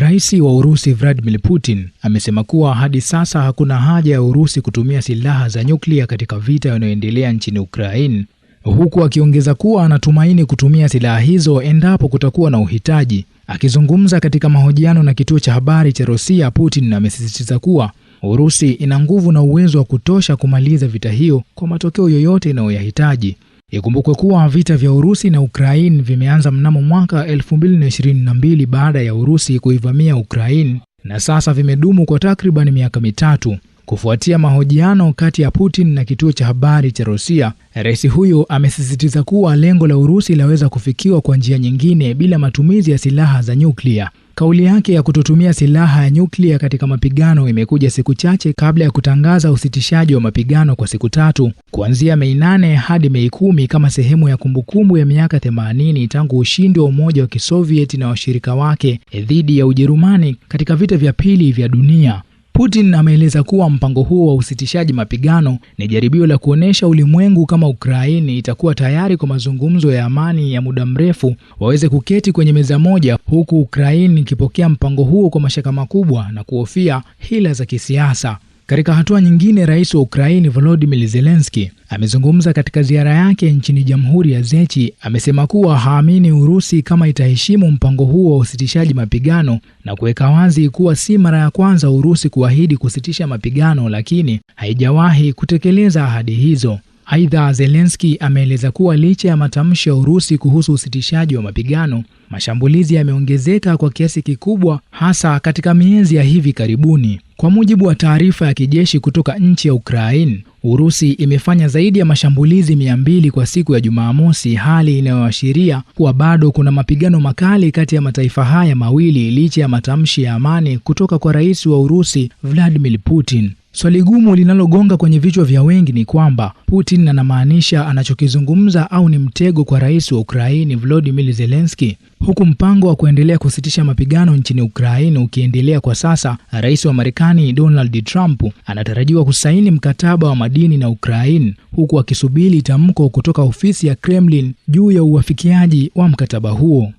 Rais wa Urusi Vladimir Putin amesema kuwa hadi sasa hakuna haja ya Urusi kutumia silaha za nyuklia katika vita yanayoendelea nchini Ukraine, huku akiongeza kuwa anatumaini kutumia silaha hizo endapo kutakuwa na uhitaji. Akizungumza katika mahojiano na kituo cha habari cha Rosia, Putin amesisitiza kuwa Urusi ina nguvu na uwezo wa kutosha kumaliza vita hiyo kwa matokeo yoyote inayoyahitaji. Ikumbukwe kuwa vita vya Urusi na Ukraine vimeanza mnamo mwaka 2022 baada ya Urusi kuivamia Ukraine na sasa vimedumu kwa takriban miaka mitatu. Kufuatia mahojiano kati ya Putin na kituo cha habari cha Rusia, rais huyo amesisitiza kuwa lengo la Urusi laweza kufikiwa kwa njia nyingine bila matumizi ya silaha za nyuklia. Kauli yake ya kutotumia silaha ya nyuklia katika mapigano imekuja siku chache kabla ya kutangaza usitishaji wa mapigano kwa siku tatu kuanzia Mei nane hadi Mei kumi kama sehemu ya kumbukumbu ya miaka 80 tangu ushindi wa Umoja wa Kisovieti na washirika wake dhidi ya Ujerumani katika vita vya pili vya dunia. Putin ameeleza kuwa mpango huo wa usitishaji mapigano ni jaribio la kuonesha ulimwengu kama Ukraini itakuwa tayari kwa mazungumzo ya amani ya muda mrefu, waweze kuketi kwenye meza moja, huku Ukraini ikipokea mpango huo kwa mashaka makubwa na kuhofia hila za kisiasa. Katika hatua nyingine, rais wa Ukraini Volodymyr Zelensky amezungumza katika ziara yake nchini Jamhuri ya Zechi. Amesema kuwa haamini Urusi kama itaheshimu mpango huo wa usitishaji mapigano na kuweka wazi kuwa si mara ya kwanza Urusi kuahidi kusitisha mapigano, lakini haijawahi kutekeleza ahadi hizo. Aidha, Zelensky ameeleza kuwa licha ya matamshi ya Urusi kuhusu usitishaji wa mapigano, mashambulizi yameongezeka kwa kiasi kikubwa, hasa katika miezi ya hivi karibuni. Kwa mujibu wa taarifa ya kijeshi kutoka nchi ya Ukraine, Urusi imefanya zaidi ya mashambulizi mia mbili kwa siku ya Jumamosi, hali inayoashiria kuwa bado kuna mapigano makali kati ya mataifa haya mawili licha ya matamshi ya amani kutoka kwa rais wa Urusi Vladimir Putin. Swali gumu linalogonga kwenye vichwa vya wengi ni kwamba Putin anamaanisha anachokizungumza au ni mtego kwa rais wa Ukraini Volodymyr Zelensky? Huku mpango wa kuendelea kusitisha mapigano nchini Ukraini ukiendelea kwa sasa, rais wa Marekani Donald Trump anatarajiwa kusaini mkataba wa madini na Ukraini, huku akisubiri tamko kutoka ofisi ya Kremlin juu ya uafikiaji wa mkataba huo.